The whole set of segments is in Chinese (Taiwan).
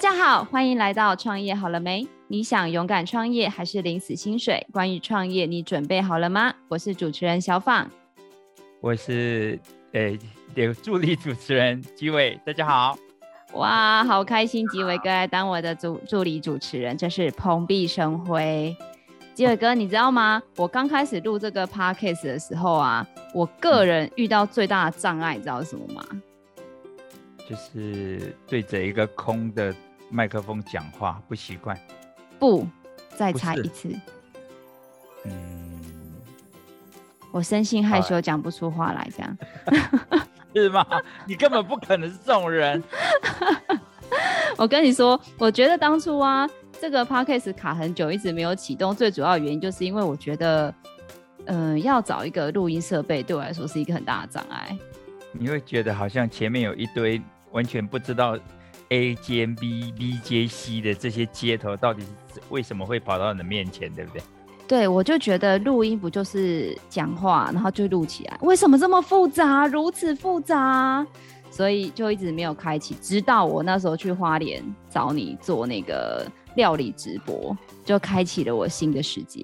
大家好，歡迎來到創業好了沒？你想勇敢創業還是領死薪水？關於創業，你準備好了嗎？我是主持人小放，我是誒，助理主持人集偉。大家好，哇，好開心，集偉哥來當我的主助助理主持人，真、啊、是蓬蓽生輝。集偉哥，你知道嗎？我剛開始錄這個 podcast 的時候啊，我個人遇到最大的障礙，你、嗯、知道什麼嗎？就是對着一個空的。麥克風講話不習慣，不，再猜一次。嗯、我生性害羞，講了不出話來，這樣是嗎？ 你根本不可能是這種人。 我跟你說，我覺得當初啊，這個 podcast 卡很久，一直沒有啟動，最主要的原因就是因為我覺得，嗯、呃，要找一個錄音設備，對我來說是一個很大的障礙。你會覺得好像前面有一堆完全不知道。A 接 B，B 接 C 的這些接頭，到底是為什麼會跑到你的面前？對不對？對，我就覺得錄音不就是講話，然後就錄起來？為什麼這麼複雜，如此複雜？所以就一直沒有開啟。直到我那時候去花蓮找你做那個料理直播，就開啟了我新的世界。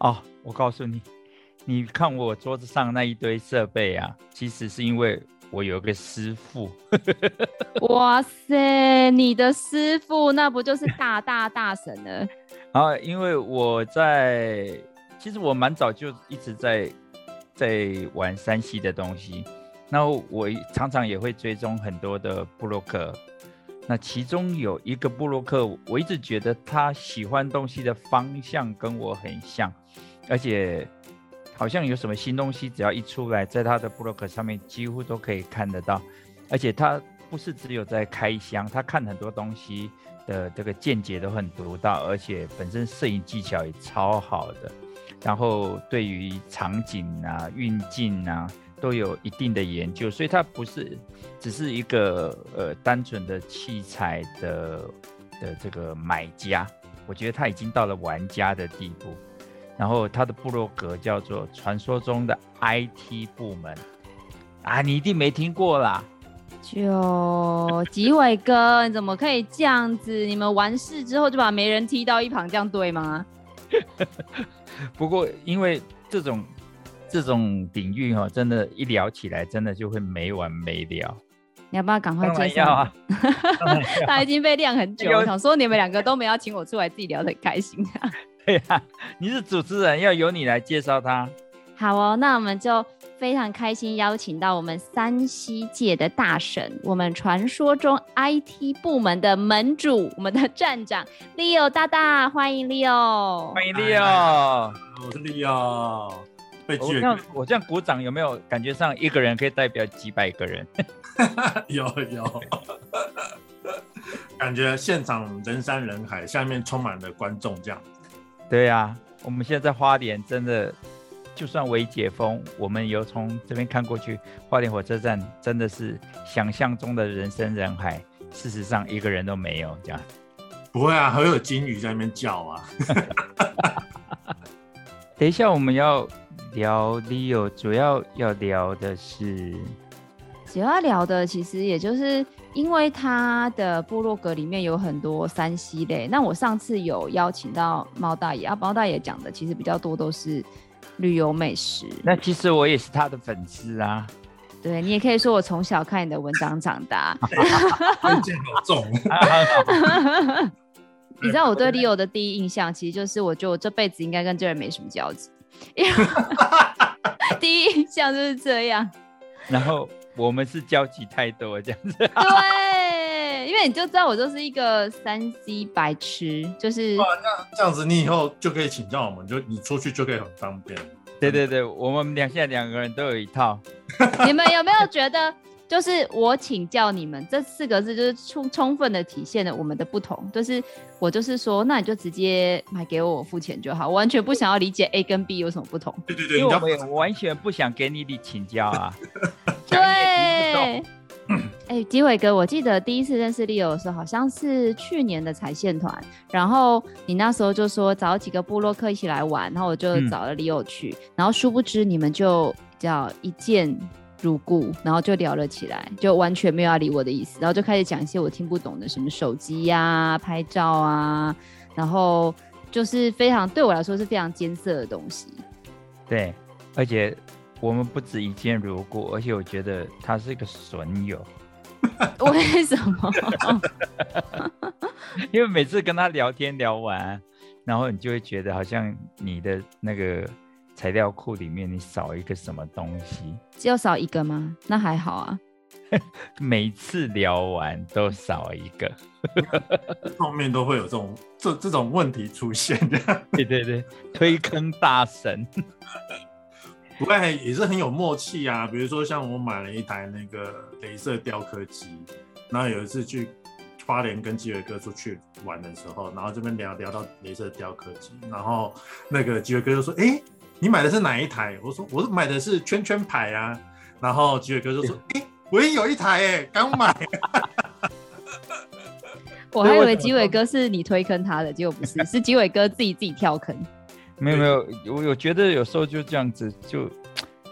哦，我告訴你，你看我桌子上那一堆設備啊，其實是因為。我有一個師傅， 哇塞，你的師傅那不就是大大大神呢？啊， 因為我在，其實我蠻早就一直在在玩 3C 的東西，然後我常常也會追蹤很多的部落客，那其中有一個部落客，我一直覺得他喜歡東西的方向跟我很像，而且。好像有什麼新東西，只要一出來，在他的部落格上面幾乎都可以看得到。而且他不是只有在開箱，他看很多東西的這個見解都很獨到，而且本身攝影技巧也超好的。然後對於場景啊、運鏡啊都有一定的研究，所以他不是只是一個呃單純的器材的的這個買家，我覺得他已經到了玩家的地步。然後他的部落格叫做“傳說中的 IT 部門”，啊，你一定沒聽過啦！就吉偉哥， 你怎麼可以這樣子？你們完事之後就把媒人踢到一旁，這樣對嗎？ 不過因為這種這種領域哦，真的，一聊起來真的就會沒完沒了。你要不要趕快介紹？當然要啊！要 他已經被晾很久，我想說你們兩個都沒有請我出來，自己聊得很開心，啊 啊、你是主持人，要由你來介紹他。好哦，那我們就非常開心，邀請到我們 3C 界的大神，我們傳說中 IT 部門的門主，我們的站長 Leo 大大，歡迎 Leo，歡迎 Leo，、哎哎、我是 Leo，被拒我這樣，我這樣鼓掌，有沒有感覺上一個人可以代表幾百個人？有 有，有 感覺現場人山人海，下面充滿了觀眾，這樣。對呀、啊，我們現在在花蓮真的，就算微解封，我們又從這邊看過去，花蓮火車站真的是想象中的人山人海，事實上一個人都沒有這樣。不會啊，很有金魚在那邊叫啊。 等一下我們要聊 Leo，主要要聊的是，主要聊的其實也就是。因為他的部落格裡面有很多 3C 類。那，我上次有邀請到貓大爺，啊，貓大爺講的其實比較多都是旅遊美食。那其實我也是他的粉絲啊，對，你也可以說我從小看你的文章長大。重。 你知道我對 Leo 的第一印象，其實就是我覺得我這輩子應該跟這人沒什麼交集， 第一印象就是這樣。然後。我們是交集太多這樣子，對， 因為你就知道我就是一個三 C 白痴，就是、啊、那這樣子，你以後就可以請教我們，就你出去就可以很方便。對對對，我們兩現在兩個人都有一套， 你們有沒有覺得？就是我請教你們這四個字，就是充充分的體現了我們的不同。就是我就是說，那你就直接買給我，付錢就好，我完全不想要理解 A 跟 B 有什麼不同。對對對，我,我完全不想給你請教啊， 對哎，集偉、 欸、哥，我記得第一次認識 Leo 的時候，好像是去年的踩線團，然後你那時候就說找幾個部落客一起來玩，然後我就找了 Leo 去，嗯、然後殊不知你們就叫一見。如故，然後就聊了起來，就完全沒有要理我的意思，然後就開始講一些我聽不懂的，什麼手機呀，啊，拍照啊，然後就是非常，對我來說是非常艱澀的東西。對，而且我們不止一見如故，而且我覺得他是一個損友。 為什麼？ 因為每次跟他聊天聊完，然後你就會覺得好像你的那個。材料庫裡面，你少一個什麼東西？只有少一個嗎？那還好啊。 每次聊完都少一個， 後面都會有這種這這種問題出現的。 對對對，推坑大神， 不過也是很有默契啊。比如說，像我買了一台那個雷射雕刻機，然後有一次去花蓮跟集偉哥出去玩的時候，然後這邊聊聊到雷射雕刻機，然後那個集偉哥就說：“哎、欸。”你買的是哪一台？我說我買的是圈圈牌啊，然後集偉哥就說：“哎對、欸，我也有一台哎、欸，剛買。”我還以為集偉哥是你推坑他的，結果不是，是集偉哥自己自己跳坑。 對沒有沒有，我我覺得有時候就這樣子，就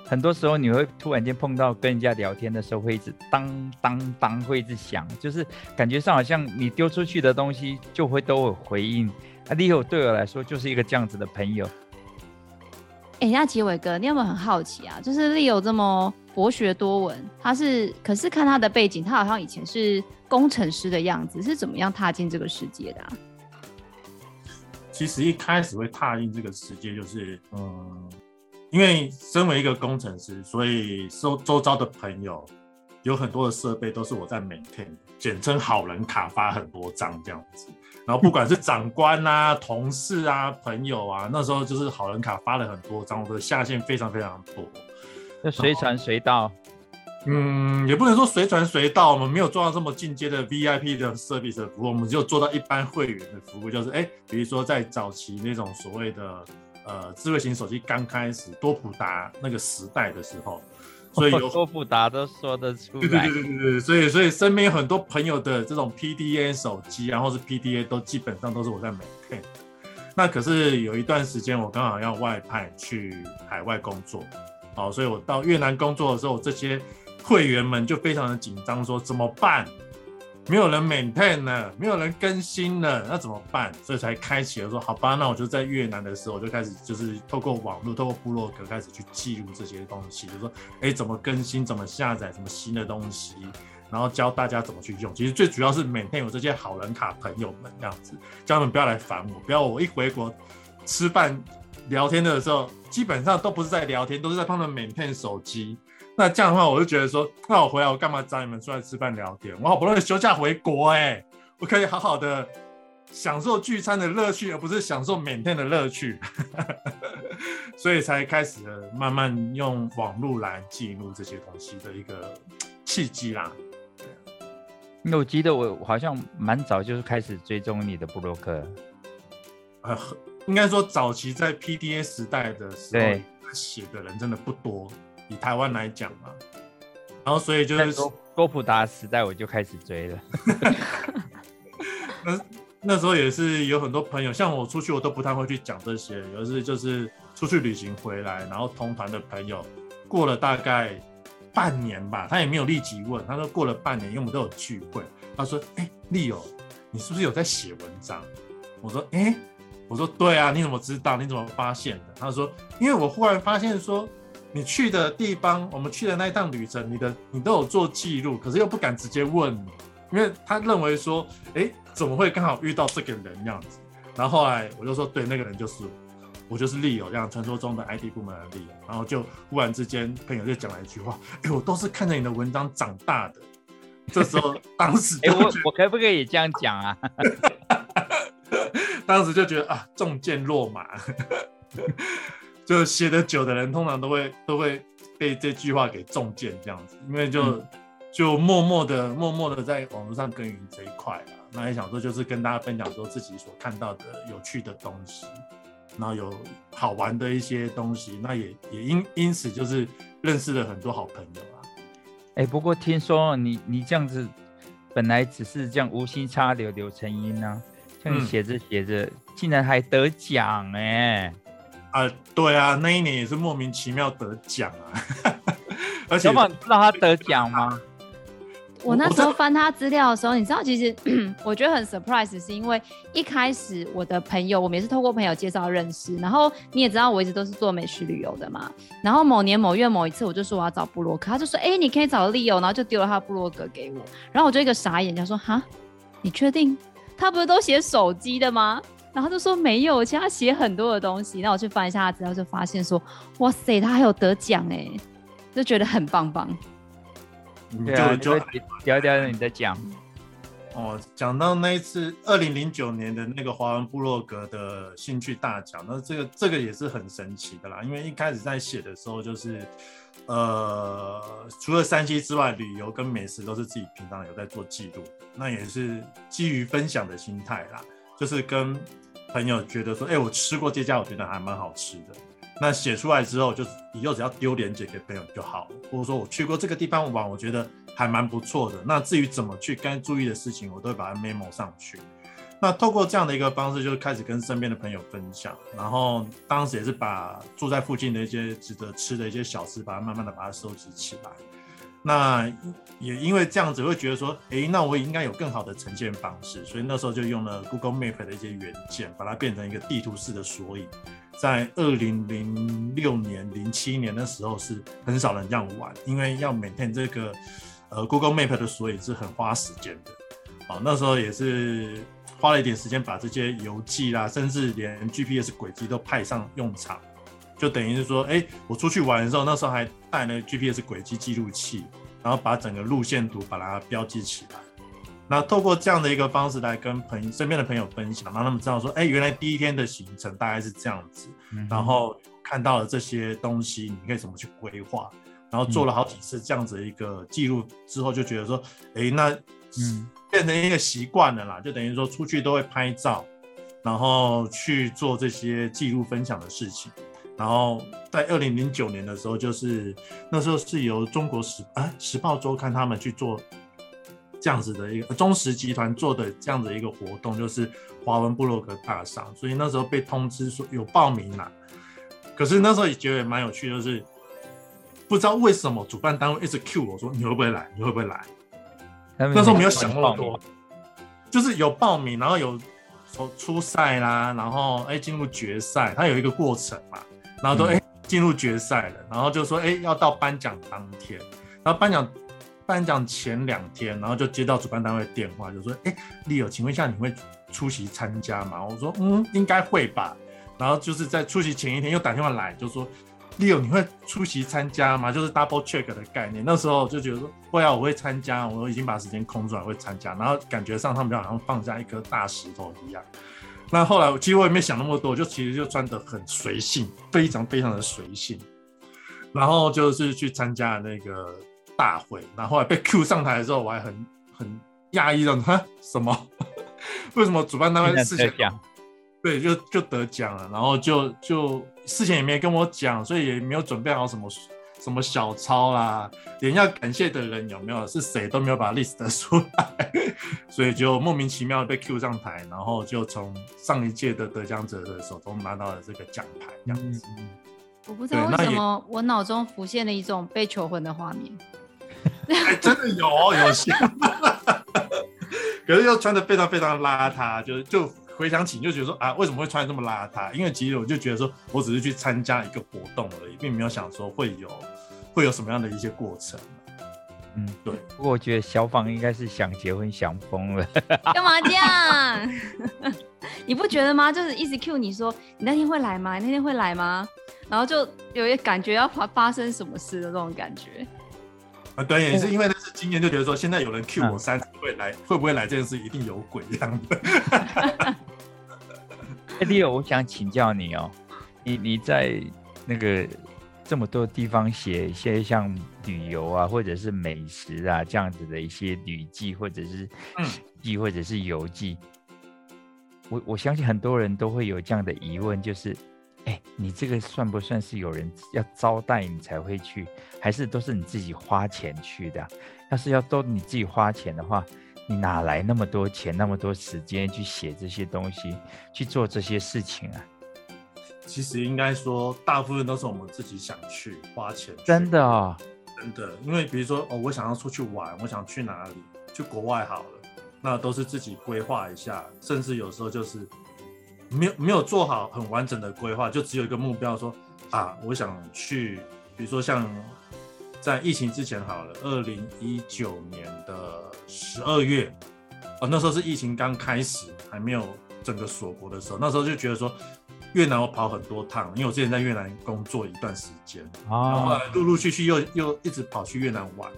很多時候你會突然間碰到跟人家聊天的時候會一直當當當會一直響，就是感覺上好像你丟出去的東西就會都有回應。阿、啊、Leo 對我來說就是一個這樣子的朋友。哎、欸，那杰偉哥，你有沒有很好奇啊？就是 Leo 這麼博學多聞，他是可是看他的背景，他好像以前是工程師的樣子，是怎麼樣踏進這個世界的啊？其實一開始會踏進這個世界，就是嗯，因為身為一個工程師，所以周周遭的朋友。有很多的設備都是我在每天簡稱好人卡發很多張這樣子，然後不管是長官啊、同事啊、朋友啊，那時候就是好人卡發了很多張，我、就、的、是、下線非常非常多。那隨傳隨到？嗯，也不能說隨傳隨到，我們沒有做到這麼進階的 VIP 的設備的服務，我們只有做到一般會員的服務，就是哎、欸，比如說在早期那種所謂的、呃、智慧型手機剛開始多普達那個時代的時候。所以有多複雜都說得出來。對對對對對，所以所以身邊有很多朋友的這種 PDA 手機，然後是 PDA，都基本上都是我在買的。那可是有一段時間，我剛好要外派去海外工作，好，所以我到越南工作的時候，這些會員們就非常的緊張說，說怎麼辦？沒有人 maintain 了，沒有人更新了，那怎麼辦？所以才開啟了說，好吧，那我就在越南的時候，我就開始就是透過網絡，透過部落格開始去記錄這些東西，就說，哎，怎麼更新，怎麼下載，什麼新的東西，然後教大家怎麼去用。其實最主要是 maintain 有這些好人卡朋友們，這樣子，叫他們不要來煩我，不要我一回國吃飯聊天的時候，基本上都不是在聊天，都是在幫他們 maintain 手機。那這樣的話，我就覺得說，那我回來我幹嘛找你們出來吃飯聊天？我好不容易休假回國哎、欸，我可以好好的享受聚餐的樂趣，而不是享受緬甸 ain 的樂趣， 所以才開始了慢慢用網絡來記錄這些東西的一個契機啦。那我記得我好像蠻早就是開始追蹤你的布洛克，應該說早期在 PDA 時代的時候，寫對的人真的不多。以台灣來講嘛，然後所以就是說，多普達時代我就開始追了。 那那時候也是有很多朋友，像我出去我都不太會去講這些，有時就是出去旅行回來，然後同團的朋友過了大概半年吧，他也沒有立即問，他說過了半年，因為我們都有聚會，他說：“哎、欸，Leo，你是不是有在寫文章？”我說：“哎、欸，我說對啊，你怎麼知道？你怎麼發現的？”他說：“因為我忽然發現說。”你去的地方，我們去的那一趟旅程，你的你都有做記錄，可是又不敢直接問，因為他認為說，哎、欸，怎麼會剛好遇到這個人這樣子？然後後來我就說，對，那個人就是我，就是利友這樣，傳說中的 IT 部門的利友。然後就忽然之間，朋友就講了一句話，哎、欸，我都是看着你的文章長大的。這時候，當時就，哎、 欸，我我可不可以這樣講啊？ 當時就覺得啊，中箭落馬。 就寫得久的人，通常都會都會被這句話給中箭這樣子，因為就、嗯、就默默的默默的在網絡上耕耘這一塊啊。那也想說，就是跟大家分享說自己所看到的有趣的東西，然後有好玩的一些東西，那也也因因此就是認識了很多好朋友啊。哎、欸，不過聽說你你這樣子，本來只是這樣無心插柳柳成蔭啊，這樣寫着寫着，嗯、竟然還得獎哎、欸。呃、對啊，那一年也是莫名其妙得獎啊。 而且是，小寶，你知道他得獎嗎？我，我，我那時候翻他資料的時候，你知道，其實 我覺得很 surprise，是因為一開始我的朋友，我每次是透過朋友介紹認識，然後你也知道，我一直都是做美食旅遊的嘛。然後某年某月某一次，我就說我要找部落客，他就說：“哎、欸，你可以找 Leo。”然後就丟了他部落格給我，然後我就一個傻眼，就說：“哈，你確定？他不是都寫手機的嗎？”然後就說沒有，其實他寫很多的東西。那我去翻一下他資料，就發現說，哇塞，他還有得獎哎、欸，就覺得很棒棒。你就對、啊、就吊吊你的獎哦。講、喔、到那一次，二零零九年的那個《華文部落格的興趣大獎》，那這個這個也是很神奇的啦。因為一開始在寫的時候，就是呃，除了 3C 之外，旅遊跟美食都是自己平常有在做記錄，那也是基於分享的心態啦，就是跟。朋友覺得說，哎、欸，我吃過這家，我覺得還蠻好吃的。那寫出來之後就，以後只要丟鏈接給朋友就好了。或者說，我去過這個地方玩，我覺得還蠻不錯的。那至於怎麼去，該注意的事情，我都會把它 memo 上去。那透過這樣的一個方式，就是開始跟身邊的朋友分享。然後當時也是把住在附近的一些值得吃的一些小吃，把它慢慢的把它收集起來。那也因為這樣子，會覺得說，哎、欸，那我也應該有更好的呈現方式，所以那時候就用了 Google Map 的一些元件，把它變成一個地圖式的索引。在二零零六年、零七年的時候，是很少人這樣玩，因為要 maintain 這個，呃，Google Map 的索引是很花時間的。好、哦，那時候也是花了一點時間把這些遊記啦，甚至連 GPS 軌跡都派上用場。就等於是說，哎，我出去玩的時候，那時候還帶了 GPS 軌跡記錄器，然後把整個路線圖把它標記起來。那透過這樣的一個方式來跟朋友身邊的朋友分享，讓他們知道說，哎，原來第一天的行程大概是這樣子。嗯、哼然後看到了這些東西，你可以怎麼去規劃？然後做了好幾次這樣子的一個記錄之後，就覺得說，哎、嗯，那嗯，變成一個習慣了啦。就等於說出去都會拍照，然後去做這些記錄分享的事情。然後在二零零九年的時候，就是那時候是由中國時啊《時報週刊》他們去做這樣子的一個中時集團做的這樣的一個活動，就是華文部落格大賞。所以那時候被通知說有報名了，啊，可是那時候也覺得蠻有趣，就是不知道為什麼主辦單位一直 cue 我說，你會不會來？你會不會來？還沒 那時候沒有想那麼多，名就是有報名，然後有從初賽啦，然後哎進入決賽，它有一個過程嘛。然後都哎、欸、進入決賽了，然後就說哎、欸、要到頒獎當天，然後頒獎頒獎前兩天，然後就接到主辦單位電話，就說誒、欸、Leo，請問一下你會出席參加嗎？我說嗯，應該會吧。然後就是在出席前一天又打電話來，就說 Leo，你會出席參加嗎？就是 double check 的概念。那時候我就覺得說，會啊，我會參加，我已經把時間空出來，我會參加。然後感覺上他們比較好像放下一顆大石頭一樣。那後來，其實我也沒想那麼多，就其實就穿得很隨性，非常非常的隨性。然後就是去參加了那個大會，那後來被 cue 上台的時候，我還很很訝異，說哈什麼？為什麼主辦單位事情。對，就就得獎了，然後就就事前也沒跟我講，所以也沒有準備好什麼。什麼小抄啦、啊，連要感謝的人有沒有是誰都沒有把 list 出來，所以就莫名其妙被 Q 上台，然後就從上一屆的得獎者的手中拿到了這個獎牌，這樣子。嗯、對我不知道為什麼，我腦中浮現了一種被求婚的畫面。哎、欸，真的有有， 可是又穿得非常非常邋遢，就就。回想起就覺得說啊，為什麼會穿這麼邋遢？因為其實我就覺得說，我只是去參加一個活動而已，並沒有想說會有會有什麼樣的一些過程。嗯，對。不過我覺得消防應該是想結婚想瘋了。幹嘛這樣？ 你不覺得嗎？就是一直 Q 你說你那天會來嗎？你那天會來嗎？然後就有一感覺要發發生什麼事的那種感覺。對，也是因為那是經驗，就覺得說現在有人 Cue 我三十，會來、啊、會不會來這件事，一定有鬼這樣子。Leo，我想請教你哦，你你在那個這麼多地方寫一些像旅遊啊，或者是美食啊這樣子的一些旅記，或者是記，或者是遊記，嗯、我我相信很多人都會有這樣的疑問，就是。哎、欸，你這個算不算是有人要招待你才會去，還是都是你自己花錢去的？要是要都你自己花錢的話，你哪來那麼多錢、那麼多時間去寫這些東西、去做這些事情啊？其實應該說，大部分都是我們自己想去花錢去，真的啊、哦，真的。因為比如說，哦，我想要出去玩，我想去哪裡？去國外好了，那都是自己規劃一下，甚至有時候就是。沒有沒有做好很完整的規劃，就只有一個目標說，說啊，我想去，比如說像在疫情之前好了，二零一九年的十二月，哦那時候是疫情剛開始，還沒有整個鎖國的時候，那時候就覺得說越南我跑很多趟，因為我之前在越南工作一段時間，oh. 然後後來陸陸續續又又一直跑去越南玩，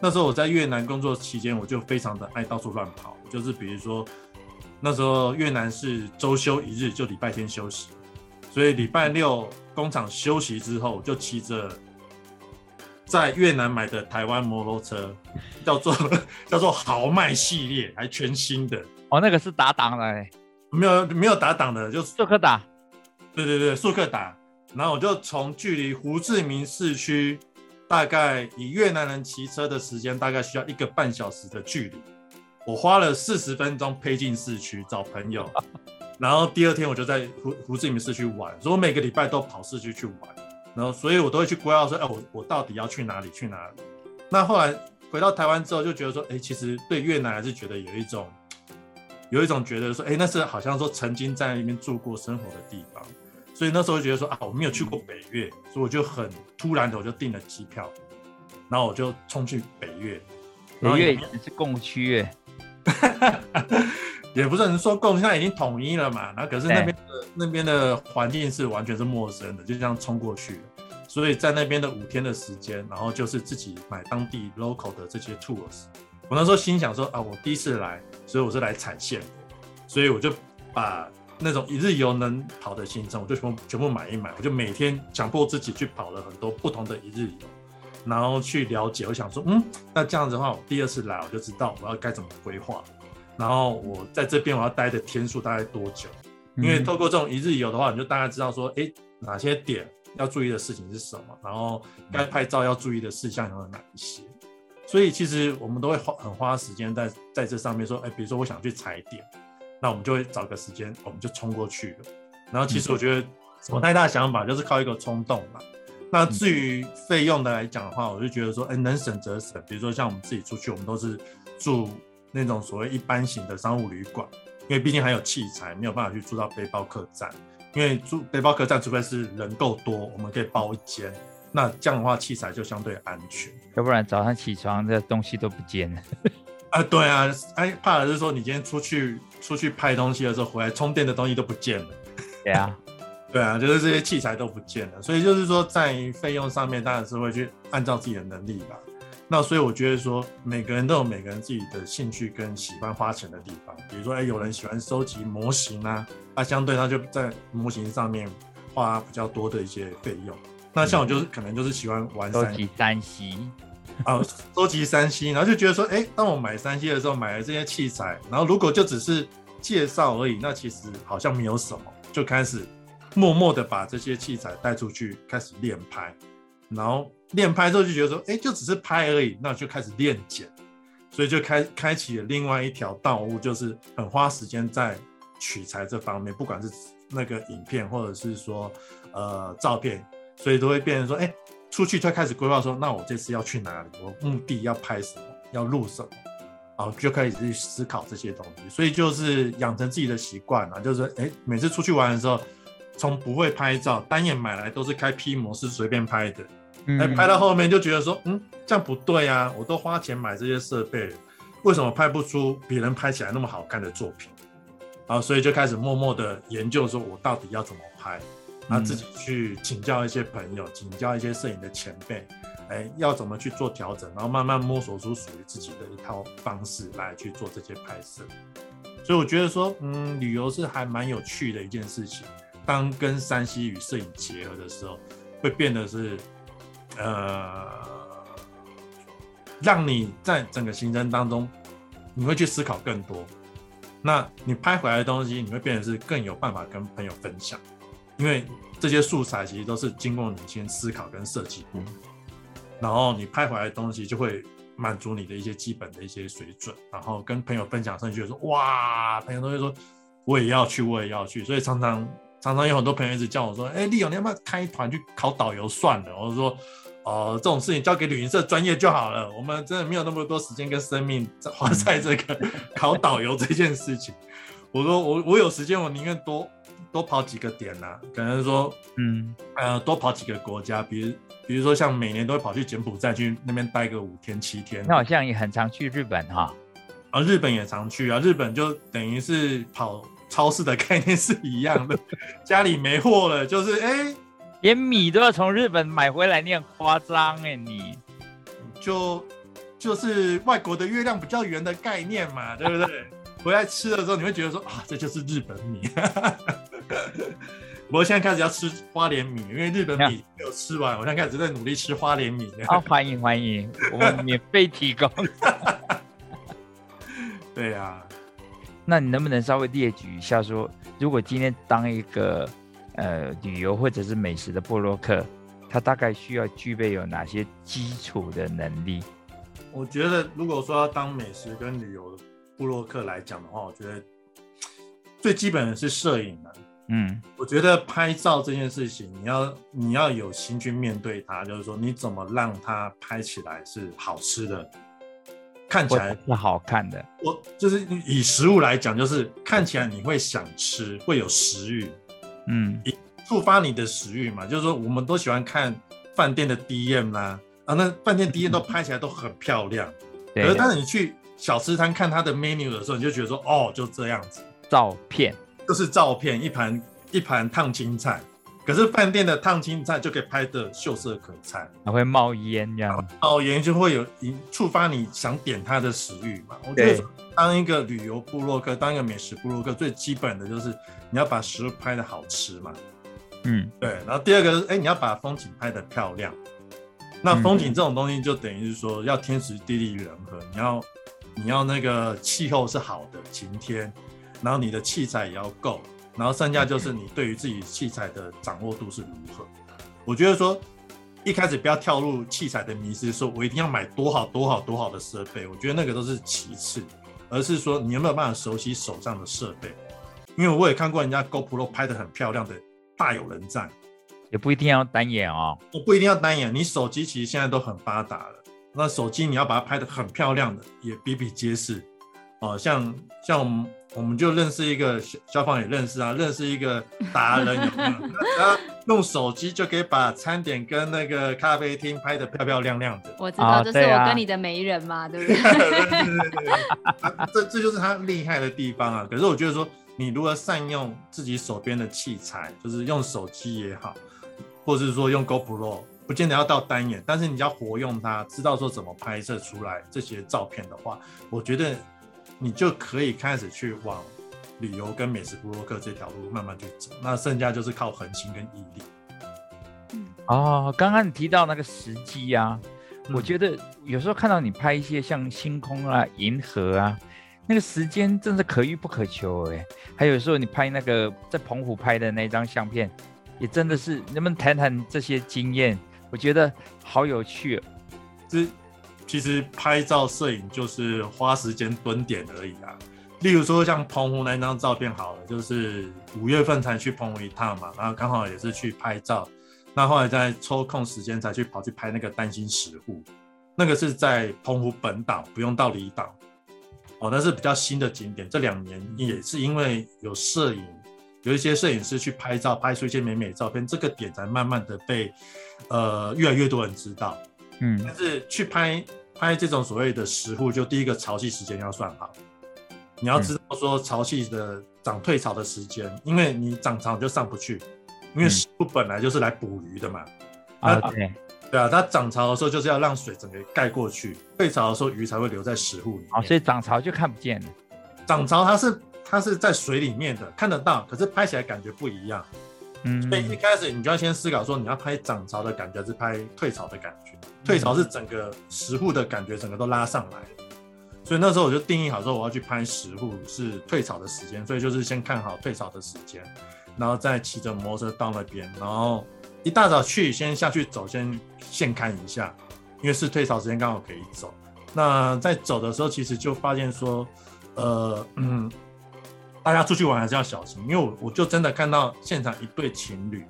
那時候我在越南工作期間，我就非常的愛到處亂跑，就是比如說。那時候越南是周休一日，就禮拜天休息，所以禮拜六工廠休息之後，就騎着在越南買的台灣摩托車，叫做 叫做豪邁系列，還全新的。哦，那個是打檔的耶，沒有沒有打檔的，就速克達。對對對，速克達。然後我就從距離胡志明市區，大概以越南人騎車的時間，大概需要一個半小時的距離。我花了四十分鐘配進市區找朋友，然後第二天我就在胡胡志明市區玩，所以我每個禮拜都跑市區去玩，然後所以我都會去規劃說，哎、欸，我我到底要去哪裡？去哪裡？那後來回到台灣之後，就覺得說，哎、欸，其實對越南還是覺得有一種有一種覺得說，哎、欸，那是好像說曾經在那邊住過生活的地方，所以那時候就覺得說啊，我沒有去過北越，嗯、所以我就很突然的我就訂了機票，然後我就衝去北越，北越也是共區耶。 也不是能說共現在已經統一了嘛。然後可是那邊的對那邊的環境是完全是陌生的，就這樣衝過去了。所以在那邊的五天的時間，然後就是自己買當地 local 的這些 tours。我那時候心想說啊，我第一次來，所以我是來踩線，所以我就把那種一日遊能跑的行程，我就全部全部買一買。我就每天強迫自己去跑了很多不同的一日遊。然後去了解，我想說，嗯，那這樣子的話，我第二次來我就知道我要該怎麼規劃，然後我在這邊我要待的天數大概多久？因為透過這種一日遊的話，你就大概知道說，哎，哪些點要注意的事情是什麼，然後該拍照要注意的事項有哪一些。所以其實我們都會花很花時間在在這上面說，哎，比如說我想去踩點，那我們就會找個時間，我們就衝過去了。然後其實我覺得，嗯，什麼太大想法，就是靠一個衝動嘛。那至於費用的來講的話，我就覺得說，哎、欸，能省則省。比如說像我們自己出去，我們都是住那種所謂一般型的商務旅館，因為畢竟還有器材，沒有辦法去住到背包客棧。因為住背包客棧，除非是人夠多，我們可以包一間。那這樣的話，器材就相對安全。要不然早上起床，這個東西都不見了。啊、呃，對啊，哎，怕的是說你今天出去出去拍東西的時候回來，充電的東西都不見了。對啊。對啊，就是這些器材都不見了，所以就是說在費用上面，當然是會去按照自己的能力吧。那所以我覺得說，每個人都有每個人自己的興趣跟喜歡花錢的地方。比如說，哎，有人喜歡收集模型啊，那、啊、相對他就在模型上面花比較多的一些費用。嗯、那像我就是可能就是喜歡玩收集 3C 收集 3C，然後就覺得說，哎，當我買 3C 的時候買了這些器材，然後如果就只是介紹而已，那其實好像沒有什麼，就開始。默默的把這些器材帶出去開始練拍，然後練拍之後就覺得說，哎、欸，就只是拍而已，那就開始練剪，所以就開開啟了另外一條道路，就是很花時間在取材這方面，不管是那個影片或者是說呃照片，所以都會變成說，哎、欸，出去就開始規劃說，那我這次要去哪裡，我目的要拍什麼，要錄什麼，啊，就開始去思考這些東西，所以就是養成自己的習慣啊，就是哎、欸、每次出去玩的時候。從不會拍照，單眼買來都是開 P 模式隨便拍的，哎、嗯，拍到後面就覺得說，嗯，這樣不對啊。我都花錢買這些設備了，為什麼拍不出別人拍起來那麼好看的作品？然後、啊、所以就開始默默的研究，說我到底要怎麼拍，然後自己去請教一些朋友，嗯、請教一些攝影的前輩，哎，要怎麼去做調整，然後慢慢摸索出屬於自己的一套方式來去做這些拍攝。所以我覺得說，嗯，旅遊是還蠻有趣的一件事情。當跟 3C 與攝影結合的時候，會變得是，呃，讓你在整個行程當中，你會去思考更多。那你拍回來的東西，你會變得是更有辦法跟朋友分享，因為這些素材其實都是經過你先思考跟設計，然後你拍回來的東西就會滿足你的一些基本的一些水準，然後跟朋友分享上去的時候，哇，朋友都會說我也要去，我也要去，所以常常。常常有很多朋友一直叫我說：“哎、欸，Leo，你要不要開團去考導遊算了？”我說：“哦、呃，這種事情交給旅行社專業就好了。我們真的沒有那麼多時間跟生命在花在這個、嗯、考導遊這件事情。”我說：“我我有時間，我寧願多多跑幾個點呢、啊。可能說，嗯呃，多跑幾個國家，比如比如說像每年都會跑去柬埔寨去那邊待個五天七天。那好像也很常去日本哈、哦？啊，日本也常去啊。日本就等於是跑。”超市的概念是一樣的，家裡沒貨了，就是哎，欸、連米都要從日本買回來，你很誇張哎，你就就是外國的月亮比較圓的概念嘛，對不對？ 回來吃的時候你會覺得說啊，這就是日本米。 我現在開始要吃花蓮米，因為日本米沒有吃完，我現在開始在努力吃花蓮米。好、啊、歡迎歡迎，我免費提供。 對呀、啊。那你能不能稍微列舉一下說，說如果今天當一個呃旅遊或者是美食的部落客，他大概需要具備有哪些基礎的能力？我覺得，如果說要當美食跟旅遊部落客來講的話，我覺得最基本的是攝影了、啊。嗯，我覺得拍照這件事情，你要你要有心去面對它，就是說你怎麼讓它拍起來是好吃的。看起來是好看的。我就是以食物來講，就是看起來你會想吃，會有食欲，嗯，觸發你的食欲嘛。就是說，我們都喜歡看飯店的 DM 啦，啊，啊，那飯店 DM 都拍起來都很漂亮。對。嗯，可是當你去小吃攤看他的 menu 的時候，你就覺得說，哦，就這樣子，照片就是照片，一盤一盤燙青菜。可是飯店的燙青菜就可以拍的秀色可餐，還會冒煙，這樣冒煙就會有，觸發你想點它的食欲嘛。對我覺得當一個旅遊部落客，當一個美食部落客，最基本的就是你要把食物拍的好吃嘛。嗯，對。然後第二個是，哎，你要把風景拍的漂亮。嗯、那風景這種東西，就等於就是說要天時地利人和，你要你要那個氣候是好的，晴天，然後你的器材也要夠，然後剩下就是你對於自己器材的掌握度是如何？我覺得說一開始不要跳入器材的迷思，說我一定要買多好多好多好的設備。我覺得那個都是其次，而是說你有沒有辦法熟悉手上的設備？因為我也看過人家 GoPro 拍得很漂亮的大有人在，也不一定要單眼哦。我不一定要單眼，你手機其實現在都很發達了。那手機你要把它拍得很漂亮的，也比比皆是哦，呃，像像。我們就認識一個消防也認識啊，認識一個達人，然用手機就可以把餐點跟那個咖啡廳拍得漂漂亮亮的。 我知道，就是我跟你的媒人嘛，對不對？哦、對、啊對，啊對，對，對啊、這這就是他厲害的地方啊！可是我覺得說，你如何善用自己手邊的器材，就是用手機也好，或是說用 GoPro，不見得要到單眼，但是你要活用它，知道說怎麼拍攝出來這些照片的話，我覺得。你就可以開始去往旅遊跟美食部落客這條路慢慢去走，那剩下就是靠恆心跟毅力。嗯、哦，剛剛你提到那個時機啊，嗯、我覺得有時候看到你拍一些像星空啊、銀河啊，那個時間真是可遇不可求哎、欸。還有時候你拍那個在澎湖拍的那張相片，也真的是，你能不能談談這些經驗？我覺得好有趣、哦，是。其實拍照攝影就是花時間蹲點而已啊。例如說像澎湖那張照片，好了，就是五月份才去澎湖一趟嘛，然後剛好也是去拍照。那後來再抽空時間才去跑去拍那個單心石滬，那個是在澎湖本島，不用到離島。哦，那是比較新的景點，這兩年也是因為有攝影，有一些攝影師去拍照，拍出一些美美的照片，這個點才慢慢的被呃越來越多人知道。嗯，但是去拍拍這種所謂的石滬，就第一個潮汐時間要算好，你要知道說潮汐的漲、嗯、退潮的時間，因為你漲潮就上不去，因為石滬本來就是來捕魚的嘛。啊，對啊，它漲潮的時候就是要讓水整個蓋過去，退潮的時候魚才會留在石滬裡哦，所以漲潮就看不見了，漲潮它是它是在水裡面的，看得到，可是拍起來感覺不一樣。嗯，嗯，所以一開始你就要先思考說你要拍漲潮的感覺，還是拍退潮的感覺。退潮是整個石滬的感覺，整個都拉上來，所以那時候我就定義好，說我要去拍石滬是退潮的時間，所以就是先看好退潮的時間，然後再騎着摩托車到那邊，然後一大早去，先下去走，先現看一下，因為是退潮時間，剛好可以走。那在走的時候，其實就發現說，呃，嗯，大家出去玩還是要小心，因為我我就真的看到現場一對情侶，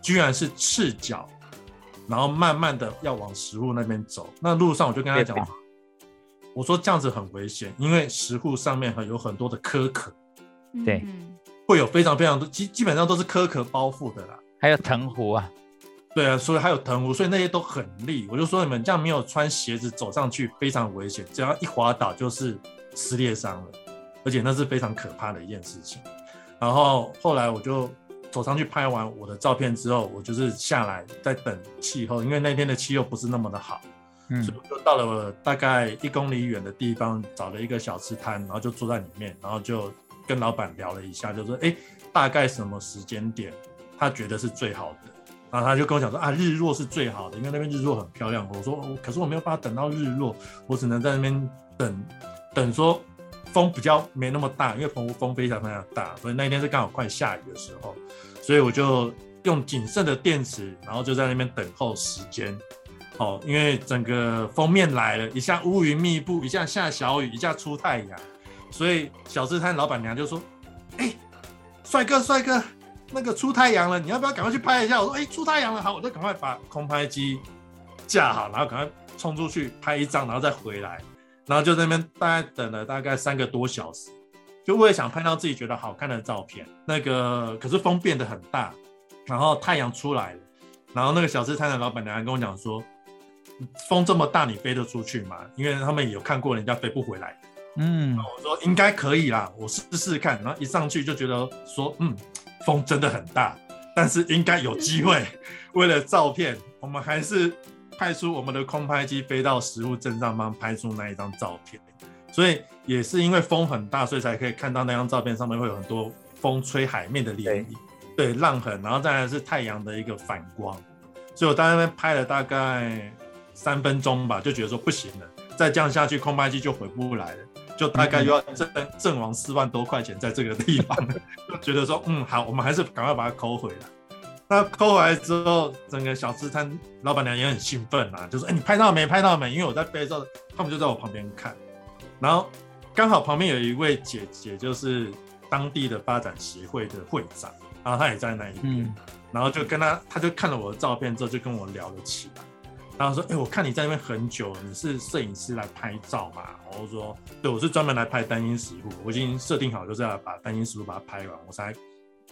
居然是赤腳。然後慢慢的要往石滬那邊走，那路上我就跟他講，我說這樣子很危險，因為石滬上面有很多的蚵殼，對，會有非常非常多，基基本上都是蚵殼包覆的啦，還有藤壺啊，對啊，所以還有藤壺，所以那些都很利。我就說你們這樣沒有穿鞋子走上去非常危險，只要一滑倒就是撕裂傷了，而且那是非常可怕的一件事情。然後後來我就。走上去拍完我的照片之後，我就是下來在等氣候，因為那天的氣候不是那麼的好，嗯，所以就到了大概一公里遠的地方，找了一個小吃攤，然後就坐在裡面，然後就跟老闆聊了一下，就說，哎、欸，大概什麼時間點他覺得是最好的，然後他就跟我講說啊，日落是最好的，因為那邊日落很漂亮。我說，可是我沒有辦法等到日落，我只能在那邊等，等說。風比較沒那麼大，因為澎湖風非常非常大，所以那一天是剛好快下雨的時候，所以我就用僅剩的電池，然後就在那邊等候時間。哦，因為整個鋒面來了，一下烏雲密布，一下下小雨，一下出太陽，所以小吃攤老闆娘就說：“哎、欸，帥哥帥哥，那個出太陽了，你要不要趕快去拍一下？”我說：“哎、欸，出太陽了，好，我就趕快把空拍機架好，然後趕快衝出去拍一張，然後再回來。”然後就在那邊大概等了大概三個多小時，就為了想拍到自己覺得好看的照片。那個可是風變得很大，然後太陽出來了，然後那個小吃攤的老板娘跟我講說，風這麼大，你飛得出去嗎？因為他們也有看過人家飛不回來。嗯，我說應該可以啦，我試試看。然後一上去就覺得說，嗯，風真的很大，但是應該有機會。為了照片，我們還是。派出我們的空拍機飛到實物正上方，拍出那一張照片。所以也是因為風很大，所以才可以看到那張照片上面會有很多風吹海面的漣漪，對，浪痕，然後再來是太陽的一個反光。所以我在那邊拍了大概三分鐘吧，就覺得說不行了，再這樣下去空拍機就回不來了，就大概又要陣陣亡四萬多塊錢在這個地方，就覺得說嗯好，我們還是趕快把它摳回來。那扣完之後，整個小吃攤老闆娘也很興奮嘛、啊、就說：“哎、欸，你拍到沒？拍到沒？”因為我在背着，他們就在我旁邊看，然後剛好旁邊有一位姐姐，就是當地的發展協會的會長，然後她也在那一邊，嗯、然後就跟他，他就看了我的照片之後，就跟我聊了起來。然後說：“哎、欸，我看你在那邊很久，你是攝影師來拍照嘛？”然後我後說：“對，我是專門來拍單親食物，我已經設定好就是要把單親食物把它拍完，我才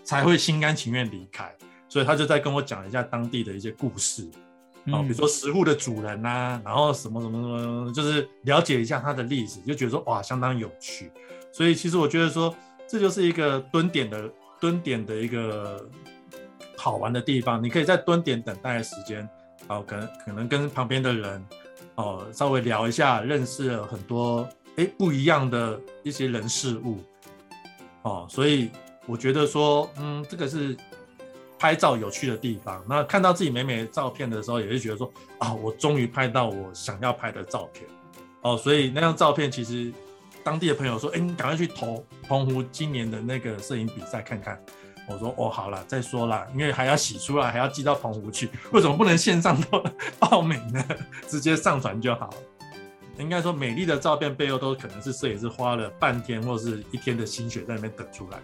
才會心甘情願離開。”所以他就在跟我講一下當地的一些故事，哦，比如說食物的主人吶、啊，然後什麼什麼什麼，就是了解一下他的歷史，就覺得說，哇，相當有趣。所以其實我覺得說，這就是一個蹲點的蹲點的一個好玩的地方。你可以在蹲點等待的時間，哦，可能可能跟旁邊的人哦稍微聊一下，認識了很多哎不一樣的一些人事物，哦，所以我覺得說，嗯，這個是。拍照有趣的地方，那看到自己美美的照片的時候，也會覺得說啊、哦，我終於拍到我想要拍的照片，哦，所以那張照片其實當地的朋友說，哎、欸，你趕快去投澎湖今年的那個攝影比賽看看。我說哦，好了，再說了，因為還要洗出來，還要寄到澎湖去，為什麼不能線上報報名呢？直接上傳就好。應該說，美麗的照片背後都可能是攝影師花了半天或是一天的心血在那邊等出來。